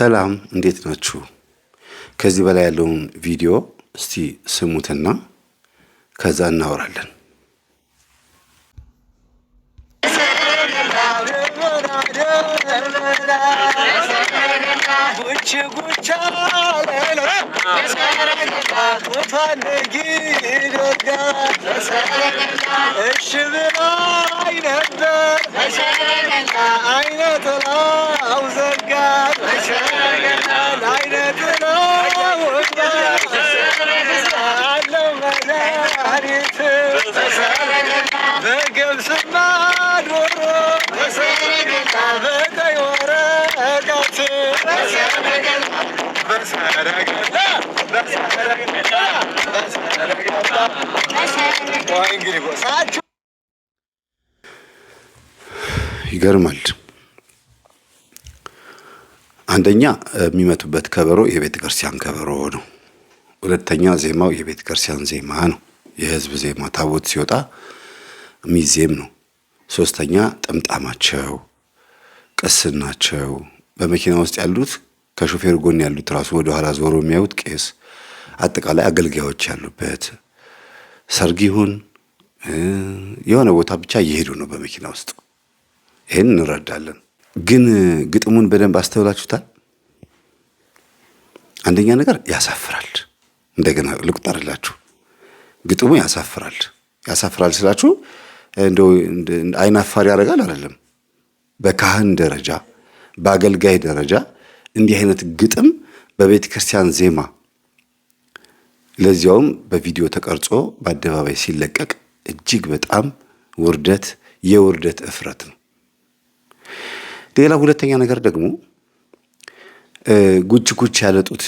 ሰላም እንዴት ናችሁ? ከዚህ በላይ ያለውን ቪዲዮ እስቲ ስሙትና ከዛ እናወራለን። እሺ አይነበር ነበር ይገርማል። አንደኛ የሚመቱበት ከበሮ የቤተ ክርስቲያን ከበሮ ነው። ሁለተኛ ዜማው የቤተ ክርስቲያን ዜማ ነው፣ የህዝብ ዜማ ታቦት ሲወጣ የሚዜም ነው። ሶስተኛ ጥምጣማቸው፣ ቅስናቸው በመኪና ውስጥ ያሉት ከሾፌሩ ጎን ያሉት ራሱ ኋላ ዞሮ የሚያዩት ቄስ፣ አጠቃላይ አገልጋዮች ያሉበት ሰርግ ይሁን የሆነ ቦታ ብቻ እየሄዱ ነው በመኪና ውስጥ። ይህን እንረዳለን። ግን ግጥሙን በደንብ አስተውላችሁታል? አንደኛ ነገር ያሳፍራል። እንደገና ልቁጠርላችሁ፣ ግጥሙ ያሳፍራል። ያሳፍራል ስላችሁ እንደው አይናፋር ያደርጋል አይደለም። በካህን ደረጃ በአገልጋይ ደረጃ እንዲህ አይነት ግጥም በቤተ ክርስቲያን ዜማ ለዚያውም በቪዲዮ ተቀርጾ በአደባባይ ሲለቀቅ እጅግ በጣም ውርደት የውርደት እፍረት ነው። ሌላ ሁለተኛ ነገር ደግሞ ጉች ጉች ያለጡት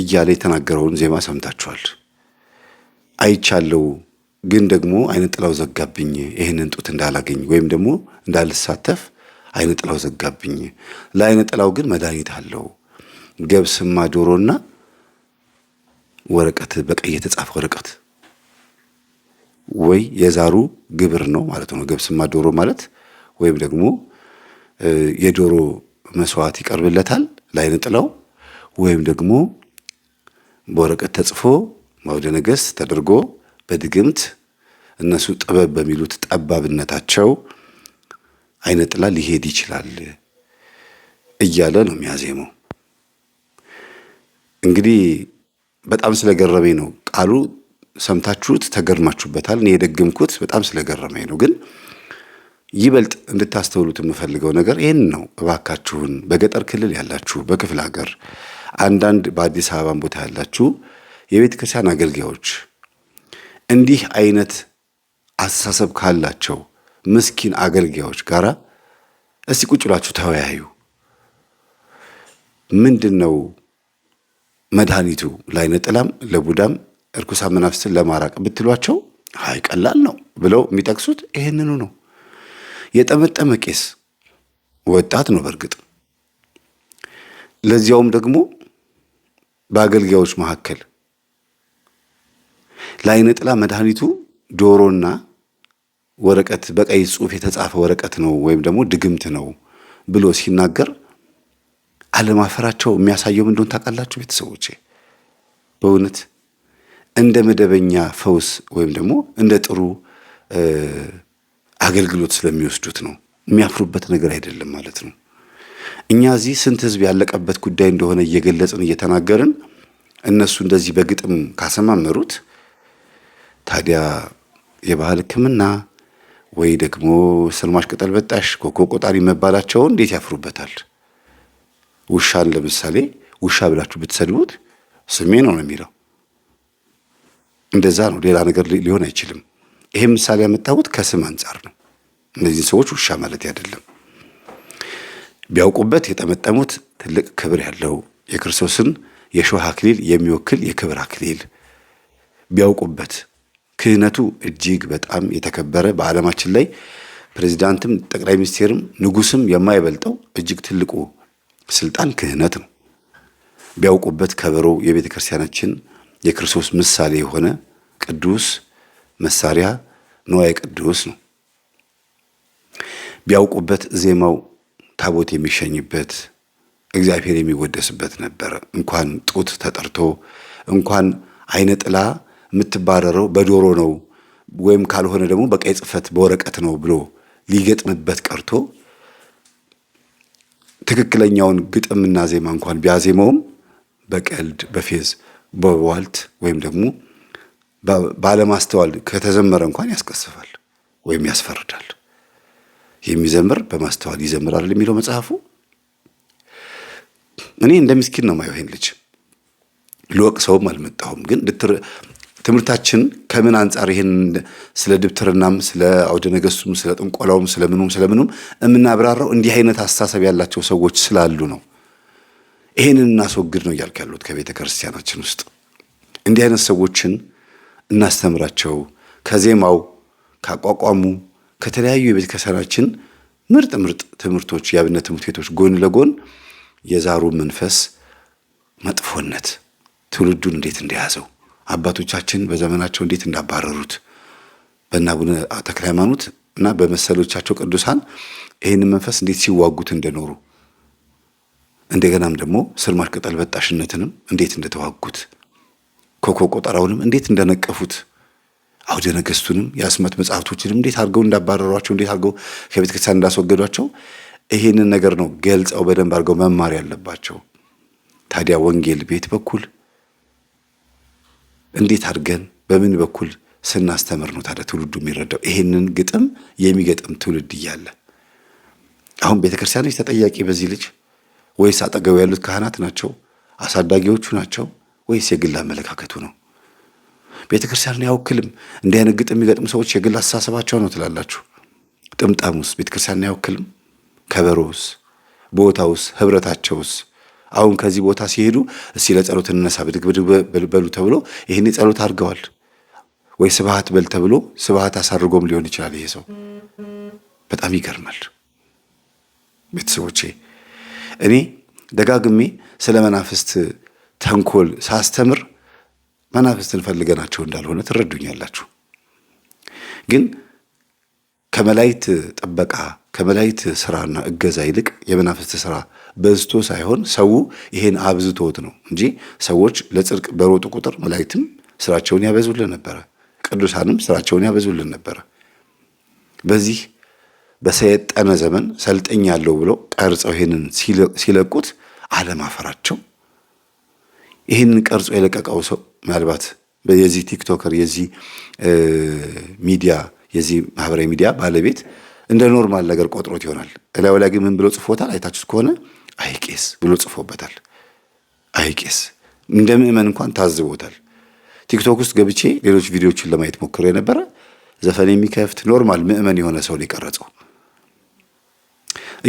እያለ የተናገረውን ዜማ ሰምታችኋል። አይቻለው ግን ደግሞ አይነ ጥላው ዘጋብኝ ይህንን ጡት እንዳላገኝ ወይም ደግሞ እንዳልሳተፍ አይነ ጥላው ዘጋብኝ። ለአይነ ጥላው ግን መድኃኒት አለው። ገብስማ ዶሮና ወረቀት በቀይ የተጻፈ ወረቀት ወይ የዛሩ ግብር ነው ማለት ነው። ገብስማ ዶሮ ማለት ወይም ደግሞ የዶሮ መስዋዕት ይቀርብለታል ለአይነ ጥላው ወይም ደግሞ በወረቀት ተጽፎ ወደ ነገስት ተደርጎ በድግምት እነሱ ጥበብ በሚሉት ጠባብነታቸው አይነ ጥላ ሊሄድ ይችላል እያለ ነው የሚያዜመው። እንግዲህ በጣም ስለገረመኝ ነው ቃሉ ሰምታችሁት ተገርማችሁበታል። እኔ የደገምኩት በጣም ስለገረመኝ ነው። ግን ይበልጥ እንድታስተውሉት የምፈልገው ነገር ይህን ነው። እባካችሁን በገጠር ክልል ያላችሁ፣ በክፍለ ሀገር አንዳንድ በአዲስ አበባን ቦታ ያላችሁ የቤተ ክርስቲያን አገልጋዮች እንዲህ አይነት አስተሳሰብ ካላቸው ምስኪን አገልጋዮች ጋር እስቲ ቁጭ ብላችሁ ተወያዩ። ምንድን ነው መድኃኒቱ? ለዓይነ ጥላም ለቡዳም እርኩሳ መናፍስትን ለማራቅ ብትሏቸው አይ ቀላል ነው ብለው የሚጠቅሱት ይህንኑ ነው። የጠመጠመ ቄስ ወጣት ነው በእርግጥ ለዚያውም ደግሞ በአገልጋዮች መካከል ለዓይነ ጥላ መድኃኒቱ ዶሮና ወረቀት በቀይ ጽሑፍ የተጻፈ ወረቀት ነው ወይም ደግሞ ድግምት ነው ብሎ ሲናገር አለማፈራቸው የሚያሳየው እንደሆን ታውቃላችሁ? ቤተሰቦቼ በእውነት እንደ መደበኛ ፈውስ ወይም ደግሞ እንደ ጥሩ አገልግሎት ስለሚወስዱት ነው። የሚያፍሩበት ነገር አይደለም ማለት ነው። እኛ እዚህ ስንት ህዝብ ያለቀበት ጉዳይ እንደሆነ እየገለጽን እየተናገርን እነሱ እንደዚህ በግጥም ካሰማመሩት ታዲያ የባህል ሕክምና ወይ ደግሞ ስልማሽ ቅጠል በጣሽ ኮኮ ቆጣሪ መባላቸውን እንዴት ያፍሩበታል? ውሻን ለምሳሌ ውሻ ብላችሁ ብትሰድቡት ስሜ ነው ነው የሚለው። እንደዛ ነው፣ ሌላ ነገር ሊሆን አይችልም። ይሄ ምሳሌ ያመጣሁት ከስም አንጻር ነው። እነዚህን ሰዎች ውሻ ማለት አይደለም። ቢያውቁበት የጠመጠሙት ትልቅ ክብር ያለው የክርስቶስን የሾህ አክሊል የሚወክል የክብር አክሊል ቢያውቁበት ክህነቱ እጅግ በጣም የተከበረ በዓለማችን ላይ ፕሬዚዳንትም ጠቅላይ ሚኒስቴርም ንጉስም የማይበልጠው እጅግ ትልቁ ስልጣን ክህነት ነው። ቢያውቁበት ከበሮ የቤተ ክርስቲያናችን የክርስቶስ ምሳሌ የሆነ ቅዱስ መሳሪያ ንዋየ ቅዱስ ነው። ቢያውቁበት ዜማው ታቦት የሚሸኝበት እግዚአብሔር የሚወደስበት ነበረ። እንኳን ጡት ተጠርቶ እንኳን አይነ ጥላ የምትባረረው በዶሮ ነው ወይም ካልሆነ ደግሞ በቀይ ጽህፈት በወረቀት ነው ብሎ ሊገጥምበት ቀርቶ ትክክለኛውን ግጥምና ዜማ እንኳን ቢያዜመውም በቀልድ በፌዝ በዋልት ወይም ደግሞ ባለማስተዋል ከተዘመረ እንኳን ያስቀስፋል ወይም ያስፈርዳል። የሚዘምር በማስተዋል ይዘምራል የሚለው መጽሐፉ። እኔ እንደ ምስኪን ነው ማየው ልጅ ልወቅ ሰውም አልመጣሁም ግን ትምህርታችን ከምን አንጻር ይህን ስለ ድብትርናም ስለ አውደ ነገስቱም ስለ ጥንቆላውም ስለምኑም ስለምኑም የምናብራራው እንዲህ አይነት አስተሳሰብ ያላቸው ሰዎች ስላሉ ነው። ይህንን እናስወግድ ነው እያልክ ያሉት ከቤተ ክርስቲያናችን ውስጥ እንዲህ አይነት ሰዎችን እናስተምራቸው። ከዜማው ካቋቋሙ ከተለያዩ የቤተ ክርስቲያናችን ምርጥ ምርጥ ትምህርቶች የአብነት ትምህርት ቤቶች ጎን ለጎን የዛሩ መንፈስ መጥፎነት ትውልዱን እንዴት እንደያዘው አባቶቻችን በዘመናቸው እንዴት እንዳባረሩት በእነ አቡነ ተክለ ሃይማኖት እና በመሰሎቻቸው ቅዱሳን ይህንን መንፈስ እንዴት ሲዋጉት እንደኖሩ እንደገናም ደግሞ ስር ማስቀጠል በጣሽነትንም እንዴት እንደተዋጉት ኮከብ ቆጠራውንም እንዴት እንደነቀፉት አውደ ነገስቱንም የአስማት መጽሐፍቶችንም እንዴት አድርገው እንዳባረሯቸው እንዴት አድርገው ከቤተ ክርስቲያን እንዳስወገዷቸው ይህንን ነገር ነው ገልጸው በደንብ አድርገው መማር ያለባቸው። ታዲያ ወንጌል ቤት በኩል እንዴት አድርገን በምን በኩል ስናስተምር ነው ታዲያ ትውልዱ የሚረዳው? ይሄንን ግጥም የሚገጥም ትውልድ እያለ አሁን ቤተክርስቲያን ክርስቲያኖች ተጠያቂ በዚህ ልጅ ወይስ አጠገቡ ያሉት ካህናት ናቸው? አሳዳጊዎቹ ናቸው? ወይስ የግል አመለካከቱ ነው? ቤተክርስቲያን አይወክልም ያውክልም እንዲህ አይነት ግጥም የሚገጥሙ ሰዎች የግል አስተሳሰባቸው ነው ትላላችሁ? ጥምጣሙስ ቤተክርስቲያን አይወክልም? ያውክልም? ከበሮውስ? ቦታውስ? ህብረታቸውስ? አሁን ከዚህ ቦታ ሲሄዱ እስቲ ለጸሎት እንነሳ ብድግ ብድግ በሉ ተብሎ ይህን ጸሎት አድርገዋል ወይ ስብሐት በል ተብሎ ስብሐት አሳርጎም ሊሆን ይችላል። ይሄ ሰው በጣም ይገርማል። ቤተሰቦቼ እኔ ደጋግሜ ስለ መናፍስት ተንኮል ሳስተምር መናፍስትን ፈልገናቸው እንዳልሆነ ትረዱኛላችሁ። ግን ከመላይት ጥበቃ ከመላይት ስራና እገዛ ይልቅ የመናፍስት ስራ በዝቶ ሳይሆን ሰው ይሄን አብዝቶት ነው እንጂ ሰዎች ለጽድቅ በሮጡ ቁጥር መላእክትም ስራቸውን ያበዙልን ነበረ፣ ቅዱሳንም ስራቸውን ያበዙልን ነበረ። በዚህ በሰየጠነ ዘመን ያለው ብለው ቀርጸው ይሄንን ሲለቁት አለማፈራቸው ይህንን ቀርጾ የለቀቀው ሰው ምናልባት የዚህ ቲክቶከር የዚህ ሚዲያ የዚህ ማህበራዊ ሚዲያ ባለቤት እንደ ኖርማል ነገር ቆጥሮት ይሆናል። እላዩ ላይ ግን ምን ብሎ ጽፎታል? አይታችሁት ከሆነ አይቄስ ብሎ ጽፎበታል። አይቄስ እንደ ምዕመን እንኳን ታዝቦታል። ቲክቶክ ውስጥ ገብቼ ሌሎች ቪዲዮዎችን ለማየት ሞክሮ የነበረ ዘፈን የሚከፍት ኖርማል ምዕመን የሆነ ሰው ሊቀረጸው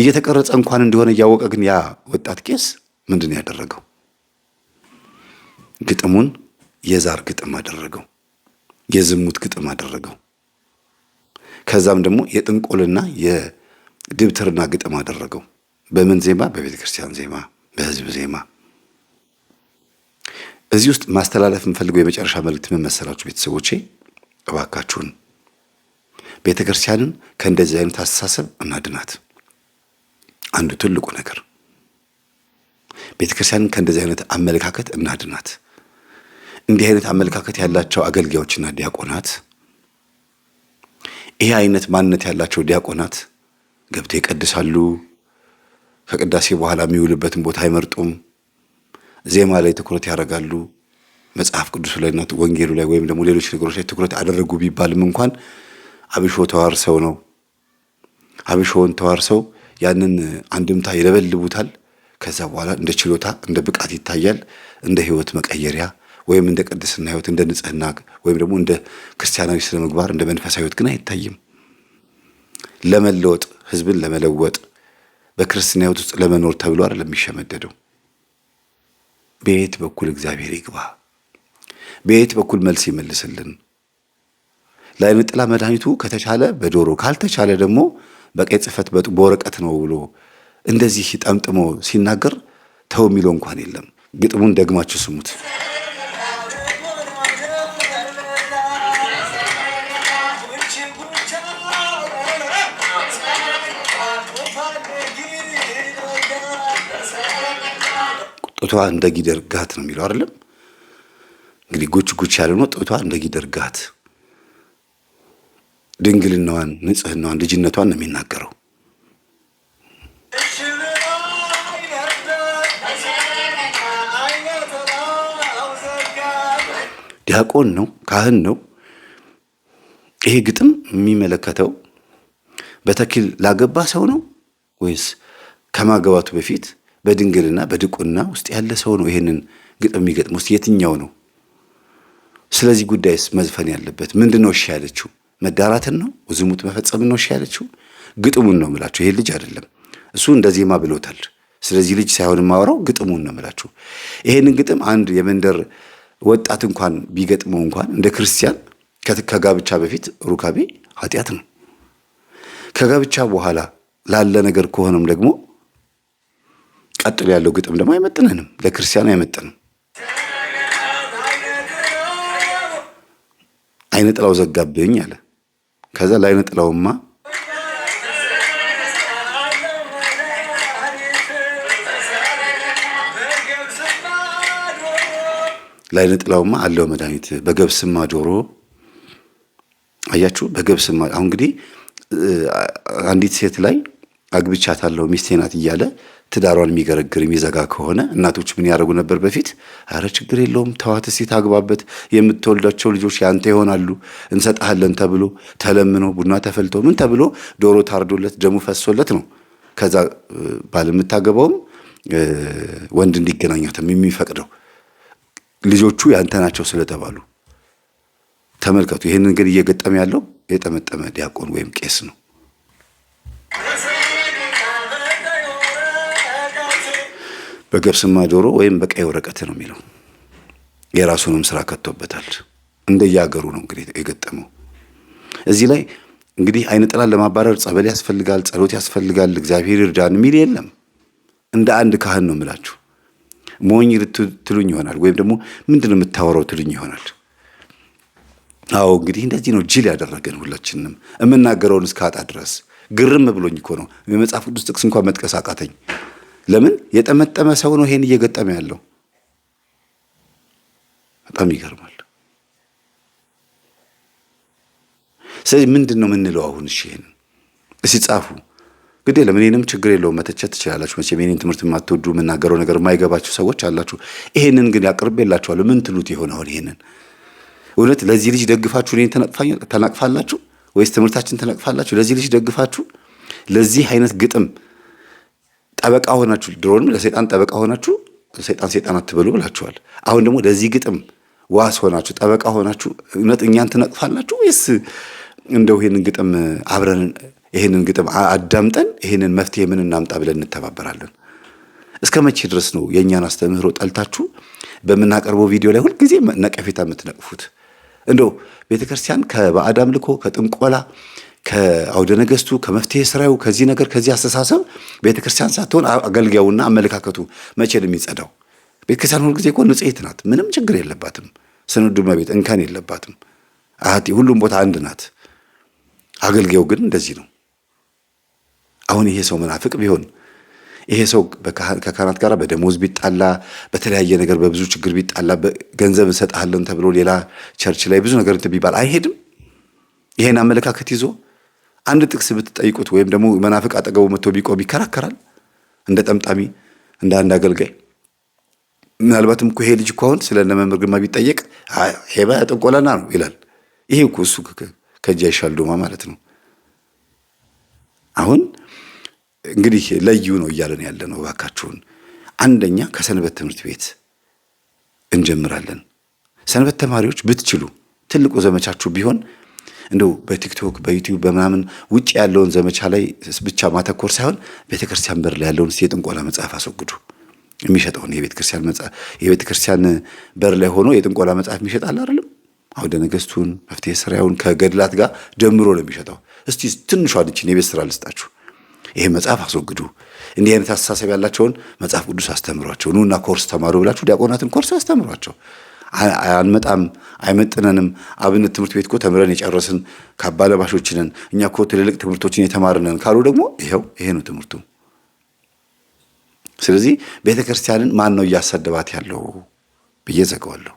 እየተቀረጸ እንኳን እንደሆነ እያወቀ ግን ያ ወጣት ቄስ ምንድን ያደረገው? ግጥሙን የዛር ግጥም አደረገው። የዝሙት ግጥም አደረገው። ከዛም ደግሞ የጥንቆልና የድብትርና ግጥም አደረገው። በምን ዜማ? በቤተ ክርስቲያን ዜማ፣ በህዝብ ዜማ። እዚህ ውስጥ ማስተላለፍ የምፈልገው የመጨረሻ መልእክት ምን መሰላችሁ? ቤተሰቦቼ እባካችሁን ቤተ ክርስቲያንን ከእንደዚህ አይነት አስተሳሰብ እናድናት። አንዱ ትልቁ ነገር ቤተ ክርስቲያንን ከእንደዚህ አይነት አመለካከት እናድናት። እንዲህ አይነት አመለካከት ያላቸው አገልጋዮችና ዲያቆናት፣ ይህ አይነት ማንነት ያላቸው ዲያቆናት ገብተው ይቀድሳሉ ከቅዳሴ በኋላ የሚውልበትን ቦታ አይመርጡም። ዜማ ላይ ትኩረት ያደርጋሉ። መጽሐፍ ቅዱሱ ላይና ወንጌሉ ላይ ወይም ደግሞ ሌሎች ነገሮች ላይ ትኩረት አደረጉ ቢባልም እንኳን አብሾ ተዋርሰው ነው። አብሾውን ተዋርሰው ያንን አንድምታ ይለበልቡታል። ከዛ በኋላ እንደ ችሎታ እንደ ብቃት ይታያል። እንደ ህይወት መቀየሪያ ወይም እንደ ቅድስና ህይወት እንደ ንጽህና ወይም ደግሞ እንደ ክርስቲያናዊ ስነ ምግባር እንደ መንፈሳዊ ህይወት ግን አይታይም። ለመለወጥ ህዝብን ለመለወጥ በክርስትና ህይወት ውስጥ ለመኖር ተብሎ አይደለም የሚሸመደደው። በየት በኩል እግዚአብሔር ይግባ፣ በየት በኩል መልስ ይመልስልን። ለዓይነ ጥላ መድኃኒቱ ከተቻለ በዶሮ ካልተቻለ ደግሞ በቀይ ጽህፈት በወረቀት ነው ብሎ እንደዚህ ጠምጥሞ ሲናገር ተው የሚለው እንኳን የለም። ግጥሙን ደግማችሁ ስሙት። ጡቷ እንደ ጊደር ጋት ነው የሚለው አይደለም። እንግዲህ ጉች ጉች ያለ ነው። ጡቷ እንደ ጊደር ጋት ድንግልናዋን፣ ንጽህናዋን፣ ልጅነቷን ነው የሚናገረው። ዲያቆን ነው፣ ካህን ነው። ይሄ ግጥም የሚመለከተው በተኪል ላገባ ሰው ነው ወይስ ከማገባቱ በፊት በድንግልና በድቁና ውስጥ ያለ ሰው ነው ይሄንን ግጥም የሚገጥመው? ውስጥ የትኛው ነው? ስለዚህ ጉዳይስ መዝፈን ያለበት ምንድን ነው? እሺ ያለችው መዳራትን ነው? ዝሙት መፈጸምን ነው? እሺ ያለችው ግጥሙን ነው ምላችሁ። ይሄ ልጅ አይደለም እሱ እንደዜማ ብሎታል። ስለዚህ ልጅ ሳይሆን የማወራው ግጥሙን ነው ምላችሁ። ይሄንን ግጥም አንድ የመንደር ወጣት እንኳን ቢገጥመው እንኳን እንደ ክርስቲያን ከጋብቻ በፊት ሩካቤ ኃጢአት ነው። ከጋብቻ በኋላ ላለ ነገር ከሆነም ደግሞ ቀጥሎ ያለው ግጥም ደግሞ አይመጥነንም፣ ለክርስቲያኑ አይመጥንም። አይነ ጥላው ዘጋብኝ አለ። ከዛ ለአይነ ጥላውማ ለአይነ ጥላውማ አለው መድኃኒት በገብስማ ዶሮ። አያችሁ፣ በገብስማ አሁን እንግዲህ አንዲት ሴት ላይ አግብቻታለሁ ሚስቴ ናት እያለ ትዳሯን የሚገረግር የሚዘጋ ከሆነ እናቶች ምን ያደርጉ ነበር በፊት? አረ ችግር የለውም ተዋት እስኪ ታግባበት፣ የምትወልዳቸው ልጆች ያንተ ይሆናሉ፣ እንሰጥሃለን ተብሎ ተለምኖ ቡና ተፈልቶ ምን ተብሎ ዶሮ ታርዶለት ደሙ ፈሶለት ነው ከዛ ባል የምታገባውም ወንድ እንዲገናኛትም የሚፈቅደው ልጆቹ ያንተ ናቸው ስለተባሉ። ተመልከቱ። ይህንን ግን እየገጠመ ያለው የጠመጠመ ዲያቆን ወይም ቄስ ነው። በገብስማ ዶሮ ወይም በቀይ ወረቀት ነው የሚለው። የራሱንም ስራ ከቶበታል። እንደየሀገሩ ነው እንግዲህ የገጠመው። እዚህ ላይ እንግዲህ አይነ ጥላን ለማባረር ጸበል ያስፈልጋል፣ ጸሎት ያስፈልጋል፣ እግዚአብሔር ይርዳን የሚል የለም። እንደ አንድ ካህን ነው የምላችሁ። ሞኝ ትሉኝ ይሆናል፣ ወይም ደግሞ ምንድነው የምታወራው ትሉኝ ይሆናል። አዎ እንግዲህ እንደዚህ ነው ጅል ያደረገን ሁላችንም፣ የምናገረውን እስከ ድረስ ግርም ብሎኝ እኮ ነው የመጽሐፍ ቅዱስ ጥቅስ እንኳን መጥቀስ አቃተኝ። ለምን የጠመጠመ ሰው ነው ይሄን እየገጠመ ያለው? በጣም ይገርማል። ስለዚህ ምንድን ነው የምንለው አሁን? እሺ ይሄን እስቲ ጻፉ። ግድ ለምን እኔንም ችግር የለውም መተቸት ትችላላችሁ። መቼም የእኔን ትምህርት የማትወዱ የምናገረው ነገር የማይገባችሁ ሰዎች አላችሁ። ይሄንን ግን ያቀርቤላችኋለሁ። ምን ትሉት ይሆን አሁን? ይሄንን እውነት ለዚህ ልጅ ደግፋችሁ እኔን ተናቅፋላችሁ ወይስ ትምህርታችን ተናቅፋላችሁ? ለዚህ ልጅ ደግፋችሁ ለዚህ አይነት ግጥም ጠበቃ ሆናችሁ ድሮንም ለሰይጣን ጠበቃ ሆናችሁ ሰይጣን ሰይጣን አትበሉ ብላችኋል። አሁን ደግሞ ለዚህ ግጥም ዋስ ሆናችሁ ጠበቃ ሆናችሁ እውነት እኛን ትነቅፋላችሁ ወይስ እንደው ይህንን ግጥም አብረን ይህንን ግጥም አዳምጠን ይህንን መፍትሄ ምን እናምጣ ብለን እንተባበራለን? እስከ መቼ ድረስ ነው የእኛን አስተምህሮ ጠልታችሁ በምናቀርበው ቪዲዮ ላይ ሁልጊዜ ነቀፌታ የምትነቅፉት? እንደው ቤተክርስቲያን ከባዕድ አምልኮ ከጥንቆላ ከአውደ ነገስቱ ከመፍትሄ ስራው ከዚህ ነገር ከዚህ አስተሳሰብ ቤተክርስቲያን ሳትሆን አገልጋዩና አመለካከቱ መቼ ነው የሚጸዳው? ቤተክርስቲያን ክርስቲያን ሁል እኮ ንጽሕት ናት። ምንም ችግር የለባትም። ስንዱ መቤት እንከን የለባትም። አህቲ ሁሉም ቦታ አንድ ናት። አገልጋዩ ግን እንደዚህ ነው። አሁን ይሄ ሰው መናፍቅ ቢሆን ይሄ ሰው ከካህናት ጋር በደሞዝ ቢጣላ በተለያየ ነገር በብዙ ችግር ቢጣላ ገንዘብ እንሰጥሃለን ተብሎ ሌላ ቸርች ላይ ብዙ ነገር ቢባል አይሄድም። ይሄን አመለካከት ይዞ አንድ ጥቅስ ብትጠይቁት ወይም ደግሞ መናፍቅ አጠገቡ መጥቶ ቢቆም ይከራከራል። እንደ ጠምጣሚ፣ እንደ አንድ አገልጋይ ምናልባትም እኮ ይሄ ልጅ እኮ አሁን ስለ መምህር ግርማ ቢጠየቅ ሄባ ያጠንቆለና ነው ይላል። ይሄ እኮ እሱ ከእጅ አይሻል ዶማ ማለት ነው። አሁን እንግዲህ ለዩ ነው እያለን ያለ ነው። እባካችሁን አንደኛ ከሰንበት ትምህርት ቤት እንጀምራለን። ሰንበት ተማሪዎች ብትችሉ ትልቁ ዘመቻችሁ ቢሆን እንደው በቲክቶክ በዩቲዩብ በምናምን ውጭ ያለውን ዘመቻ ላይ ብቻ ማተኮር ሳይሆን ቤተክርስቲያን በር ላይ ያለውን የጥንቆላ መጽሐፍ አስወግዱ። የሚሸጠውን የቤተ ክርስቲያን በር ላይ ሆኖ የጥንቆላ መጽሐፍ የሚሸጣል አይደለም። አውደ ነገስቱን መፍትሄ ስራውን ከገድላት ጋር ጀምሮ ነው የሚሸጠው። እስቲ ትንሿ ይችን የቤት ስራ ልስጣችሁ። ይህ መጽሐፍ አስወግዱ። እንዲህ አይነት አስተሳሰብ ያላቸውን መጽሐፍ ቅዱስ አስተምሯቸው። ኑና ኮርስ ተማሩ ብላችሁ ዲያቆናትን ኮርስ አስተምሯቸው። አንመጣም፣ አይመጥነንም። አብነት ትምህርት ቤት እኮ ተምረን የጨረስን ካባ እኛ እኮ ትልልቅ ትምህርቶችን የተማርንን ካሉ ደግሞ ይኸው ይሄ ነው ትምህርቱ። ስለዚህ ቤተ ክርስቲያንን ማን ነው እያሳደባት ያለው ብዬ ዘገዋለሁ።